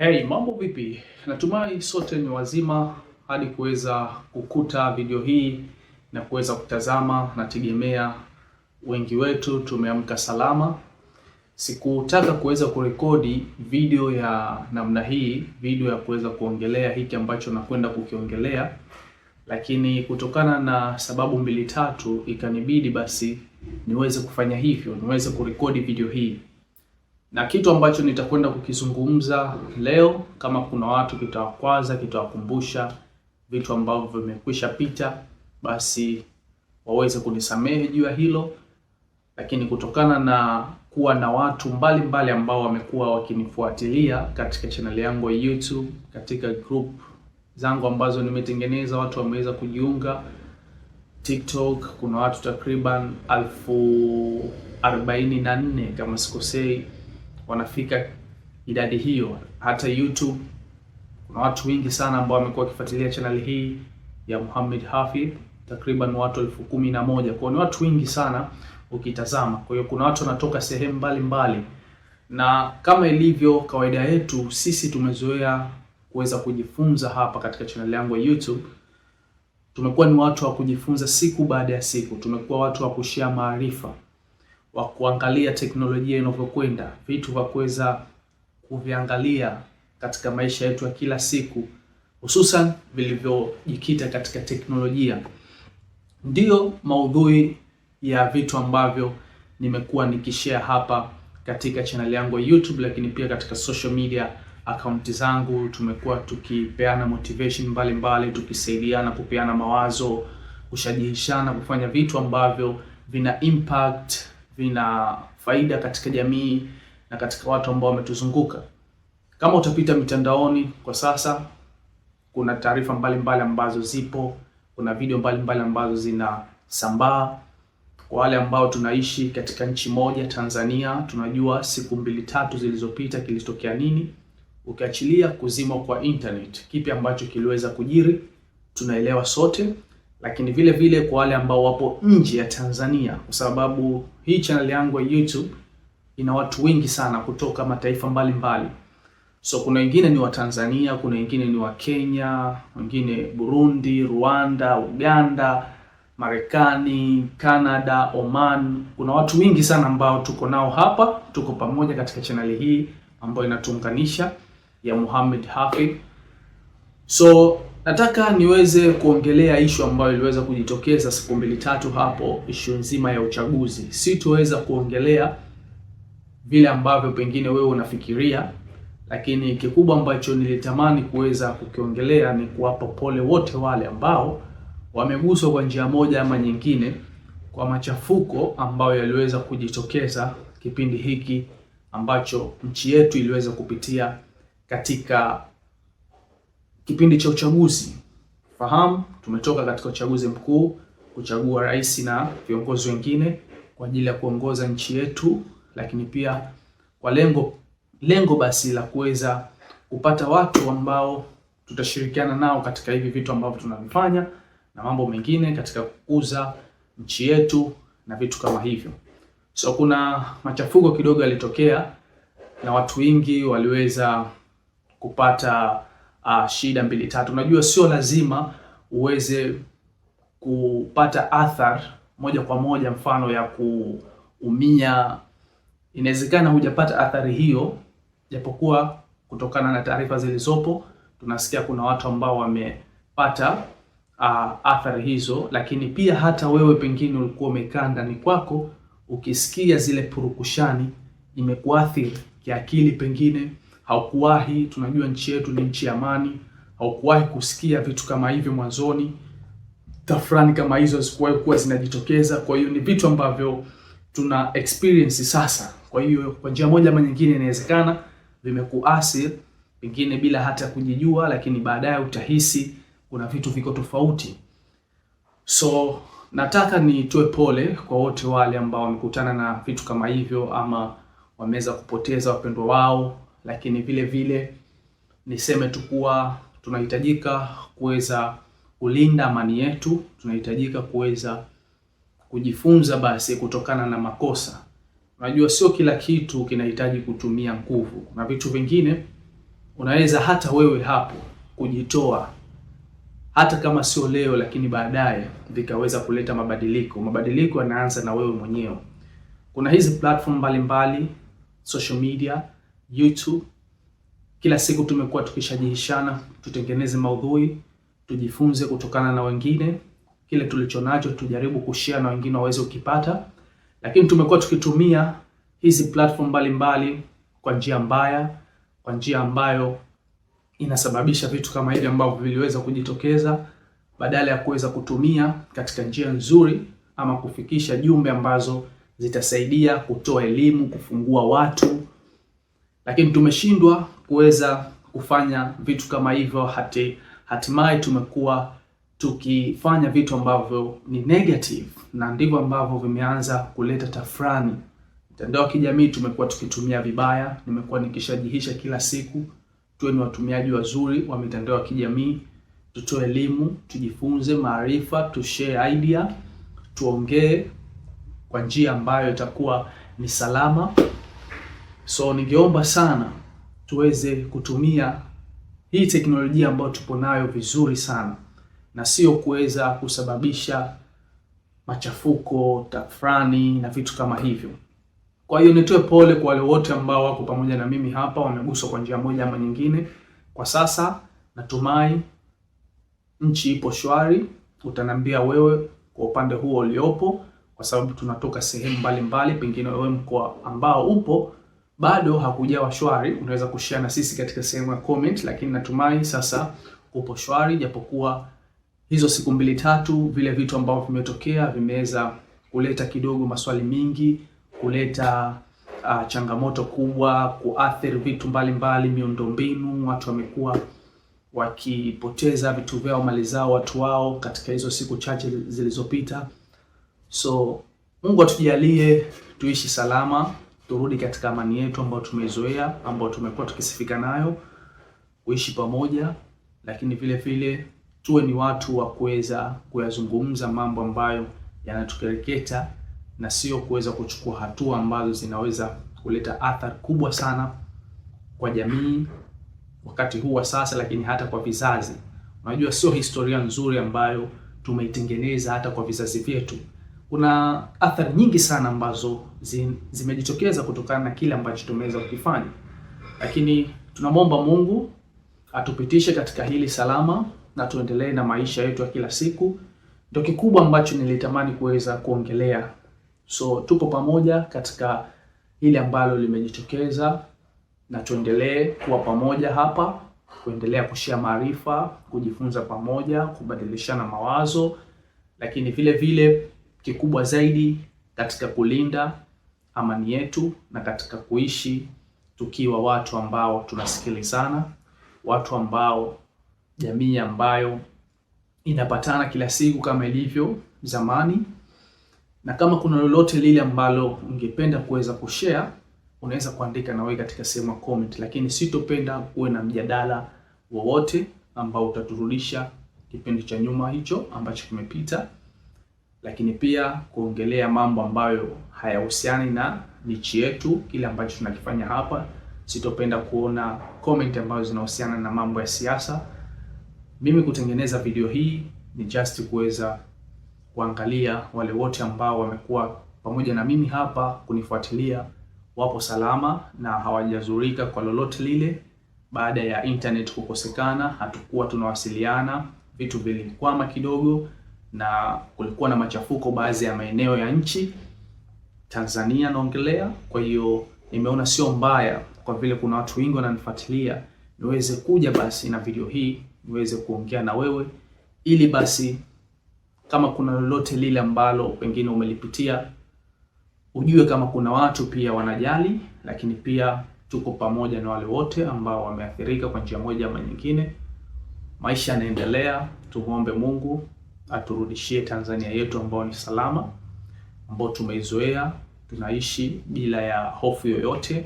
Hey, mambo vipi? Natumai sote ni wazima hadi kuweza kukuta video hii na kuweza kutazama. Nategemea wengi wetu tumeamka salama. Sikutaka kuweza kurekodi video ya namna hii, video ya kuweza kuongelea hiki ambacho nakwenda kukiongelea, lakini kutokana na sababu mbili tatu ikanibidi basi niweze kufanya hivyo, niweze kurekodi video hii na kitu ambacho nitakwenda kukizungumza leo, kama kuna watu kitawakwaza, kitawakumbusha vitu ambavyo vimekwisha pita, basi waweze kunisamehe juu ya hilo. Lakini kutokana na kuwa na watu mbalimbali mbali ambao wamekuwa wakinifuatilia katika channel yangu ya YouTube, katika group zangu ambazo nimetengeneza, watu wameweza kujiunga TikTok, kuna watu takriban elfu arobaini na nne kama sikosei wanafika idadi hiyo. Hata YouTube kuna watu wengi sana ambao wamekuwa wakifuatilia channel hii ya Muhammad Hafidh, takriban watu elfu kumi na moja. Kwa ni watu wengi sana ukitazama. Kwa hiyo kuna watu wanatoka sehemu mbalimbali, na kama ilivyo kawaida yetu sisi tumezoea kuweza kujifunza hapa katika channel yangu ya YouTube. Tumekuwa ni watu wa kujifunza siku baada ya siku, tumekuwa watu wa kushia maarifa wa kuangalia teknolojia inavyokwenda, vitu vya kuweza kuviangalia katika maisha yetu ya kila siku, hususan vilivyojikita katika teknolojia, ndiyo maudhui ya vitu ambavyo nimekuwa nikishare hapa katika chaneli yangu ya YouTube, lakini pia katika social media account zangu. Tumekuwa tukipeana motivation mbalimbali, tukisaidiana, kupeana mawazo, kushajihishana kufanya vitu ambavyo vina impact vina faida katika jamii na katika watu ambao wametuzunguka. Kama utapita mitandaoni kwa sasa, kuna taarifa mbalimbali ambazo zipo, kuna video mbalimbali ambazo zinasambaa. Kwa wale ambao tunaishi katika nchi moja Tanzania, tunajua siku mbili tatu zilizopita kilitokea nini. Ukiachilia kuzima kwa internet, kipi ambacho kiliweza kujiri, tunaelewa sote lakini vile vile kwa wale ambao wapo nje ya Tanzania, kwa sababu hii channel yangu ya YouTube ina watu wengi sana kutoka mataifa mbalimbali mbali. So kuna wengine ni wa Tanzania, kuna wengine ni wa Kenya, wengine Burundi, Rwanda, Uganda, Marekani, Canada, Oman. Kuna watu wengi sana ambao tuko nao hapa, tuko pamoja katika chaneli hii ambayo inatuunganisha ya Muhammad Hafidh. So Nataka niweze kuongelea ishu ambayo iliweza kujitokeza siku mbili tatu hapo, ishu nzima ya uchaguzi. Sitoweza kuongelea vile ambavyo pengine wewe unafikiria, lakini kikubwa ambacho nilitamani kuweza kukiongelea ni kuwapa pole wote wale ambao wameguswa kwa njia moja ama nyingine kwa machafuko ambayo yaliweza kujitokeza kipindi hiki ambacho nchi yetu iliweza kupitia katika kipindi cha uchaguzi. Fahamu tumetoka katika uchaguzi mkuu kuchagua rais na viongozi wengine kwa ajili ya kuongoza nchi yetu, lakini pia kwa lengo lengo basi la kuweza kupata watu ambao tutashirikiana nao katika hivi vitu ambavyo tunavifanya na mambo mengine katika kukuza nchi yetu na vitu kama hivyo. So kuna machafuko kidogo yalitokea na watu wengi waliweza kupata uh, shida mbili tatu. Unajua sio lazima uweze kupata athar moja kwa moja, mfano ya kuumia. Inawezekana hujapata athari hiyo, japokuwa kutokana na taarifa zilizopo tunasikia kuna watu ambao wamepata uh, ah, athari hizo, lakini pia hata wewe pengine ulikuwa umekaa ndani kwako ukisikia zile purukushani imekuathiri kiakili pengine haukuwahi, tunajua nchi yetu ni nchi ya amani, haukuwahi kusikia vitu kama hivyo mwanzoni, tafrani kama hizo hazikuwahi kuwa zinajitokeza. Kwa hiyo ni vitu ambavyo tuna experience sasa. Kwa hiyo kwa njia moja ama nyingine, inawezekana vimekuasiri pengine bila hata kujijua, lakini baadaye utahisi kuna vitu viko tofauti. So nataka nitoe pole kwa wote wale ambao wamekutana na vitu kama hivyo ama wameweza kupoteza wapendwa wao lakini vile vile niseme tu kuwa tunahitajika kuweza kulinda amani yetu, tunahitajika kuweza kujifunza basi kutokana na makosa. Unajua, sio kila kitu kinahitaji kutumia nguvu. Kuna vitu vingine unaweza hata wewe hapo kujitoa, hata kama sio leo, lakini baadaye vikaweza kuleta mabadiliko. Mabadiliko yanaanza na wewe mwenyewe. Kuna hizi platform mbalimbali, social media YouTube. Kila siku tumekuwa tukishajihishana tutengeneze maudhui, tujifunze kutokana na wengine, kile tulichonacho tujaribu kushare na wengine waweze ukipata, lakini tumekuwa tukitumia hizi platform mbalimbali kwa njia mbaya, kwa njia ambayo inasababisha vitu kama hivi ambavyo viliweza kujitokeza, badala ya kuweza kutumia katika njia nzuri ama kufikisha jumbe ambazo zitasaidia kutoa elimu, kufungua watu lakini tumeshindwa kuweza kufanya vitu kama hivyo, hati hatimaye tumekuwa tukifanya vitu ambavyo ni negative, na ndivyo ambavyo vimeanza kuleta tafrani. Mtandao wa kijamii tumekuwa tukitumia vibaya, nimekuwa nikishajihisha kila siku. Tuwe ni watumiaji wazuri wa mitandao ya kijamii, tutoe elimu, tujifunze maarifa, tushare idea, tuongee kwa njia ambayo itakuwa ni salama. So ningeomba sana tuweze kutumia hii teknolojia ambayo tupo nayo vizuri sana, na sio kuweza kusababisha machafuko, tafrani na vitu kama hivyo. Kwa hiyo nitoe pole kwa wale wote ambao wako pamoja na mimi hapa, wameguswa kwa njia moja ama nyingine. Kwa sasa natumai nchi ipo shwari. Utaniambia wewe kwa upande huo uliopo, kwa sababu tunatoka sehemu mbalimbali, pengine wewe mkoa ambao upo bado hakujawa shwari, unaweza kushare na sisi katika sehemu ya comment, lakini natumai sasa upo shwari, japokuwa hizo siku mbili tatu vile vitu ambavyo vimetokea vimeweza kuleta kidogo maswali mingi, kuleta uh, changamoto kubwa, kuathiri vitu mbalimbali, miundombinu, watu wamekuwa wakipoteza vitu vyao, mali zao, watu wao katika hizo siku chache zilizopita. So Mungu atujalie tuishi salama turudi katika amani yetu ambayo tumezoea, ambayo tumekuwa tukisifika nayo, kuishi pamoja, lakini vile vile tuwe ni watu wa kuweza kuyazungumza mambo ambayo yanatukereketa na sio kuweza kuchukua hatua ambazo zinaweza kuleta athari kubwa sana kwa jamii wakati huu wa sasa, lakini hata kwa vizazi. Unajua, sio historia nzuri ambayo tumeitengeneza hata kwa vizazi vyetu. Kuna athari nyingi sana ambazo zimejitokeza kutokana na kile ambacho tumeweza kukifanya, lakini tunamwomba Mungu atupitishe katika hili salama na tuendelee na maisha yetu ya kila siku. Ndio kikubwa ambacho nilitamani kuweza kuongelea. So tupo pamoja katika hili ambalo limejitokeza, na tuendelee kuwa pamoja hapa, kuendelea kushia maarifa, kujifunza pamoja, kubadilishana mawazo, lakini vile vile kikubwa zaidi katika kulinda amani yetu na katika kuishi tukiwa watu ambao tunasikilizana, watu ambao jamii ambayo inapatana kila siku kama ilivyo zamani. Na kama kuna lolote lile ambalo ungependa kuweza kushare, unaweza kuandika na wewe katika sehemu ya comment, lakini sitopenda kuwe na mjadala wowote ambao utaturudisha kipindi cha nyuma hicho ambacho kimepita lakini pia kuongelea mambo ambayo hayahusiani na nichi yetu, kile ambacho tunakifanya hapa. Sitopenda kuona comment ambazo zinahusiana na mambo ya siasa. Mimi kutengeneza video hii ni just kuweza kuangalia wale wote ambao wamekuwa pamoja na mimi hapa kunifuatilia wapo salama na hawajazurika kwa lolote lile. Baada ya internet kukosekana, hatukuwa tunawasiliana, vitu vilikwama kidogo na kulikuwa na machafuko baadhi ya maeneo ya nchi Tanzania naongelea. Kwa hiyo nimeona sio mbaya, kwa vile kuna watu wengi wananifuatilia, niweze kuja basi na video hii niweze kuongea na wewe, ili basi kama kuna lolote lile ambalo pengine umelipitia ujue kama kuna watu pia wanajali, lakini pia tuko pamoja na wale wote ambao wameathirika kwa njia moja ama nyingine. Maisha yanaendelea, tumuombe Mungu aturudishie Tanzania yetu ambayo ni salama, ambayo tumeizoea, tunaishi bila ya hofu yoyote.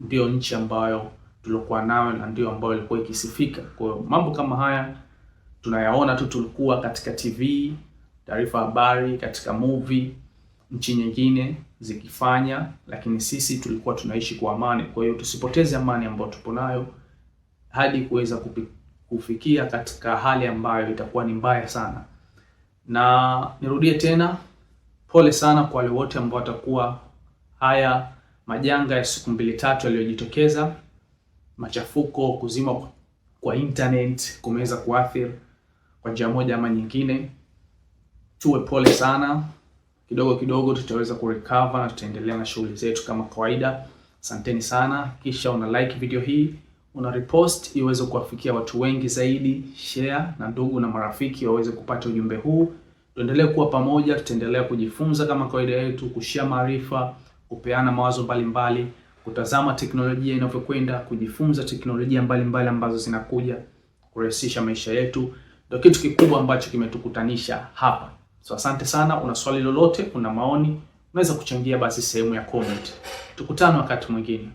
ndio nchi ambayo tulikuwa nayo na ndio ambayo ilikuwa ikisifika. Kwa hiyo mambo kama haya tunayaona tu, tulikuwa katika TV, taarifa habari, katika movie, nchi nyingine zikifanya, lakini sisi tulikuwa tunaishi kwa amani. Kwa hiyo tusipoteze amani ambayo tupo nayo hadi kuweza kufikia katika hali ambayo itakuwa ni mbaya sana na nirudie tena, pole sana kwa wale wote ambao watakuwa haya majanga ya siku mbili tatu yaliyojitokeza, machafuko, kuzima kwa internet kumeweza kuathiri kwa njia moja ama nyingine. Tuwe pole sana, kidogo kidogo tutaweza kurecover na tutaendelea na shughuli zetu kama kawaida. Asanteni sana, kisha una like video hii una repost iweze kuwafikia watu wengi zaidi, share na ndugu na marafiki waweze kupata ujumbe huu. Tuendelee kuwa pamoja, tutaendelea kujifunza kama kawaida yetu, kushare maarifa, kupeana mawazo mbalimbali, kutazama teknolojia inavyokwenda, kujifunza teknolojia mbalimbali ambazo zinakuja kurahisisha maisha yetu. Ndio kitu kikubwa ambacho kimetukutanisha hapa. So asante sana. Una swali lolote, una maoni, unaweza kuchangia basi sehemu ya comment. Tukutane wakati mwingine.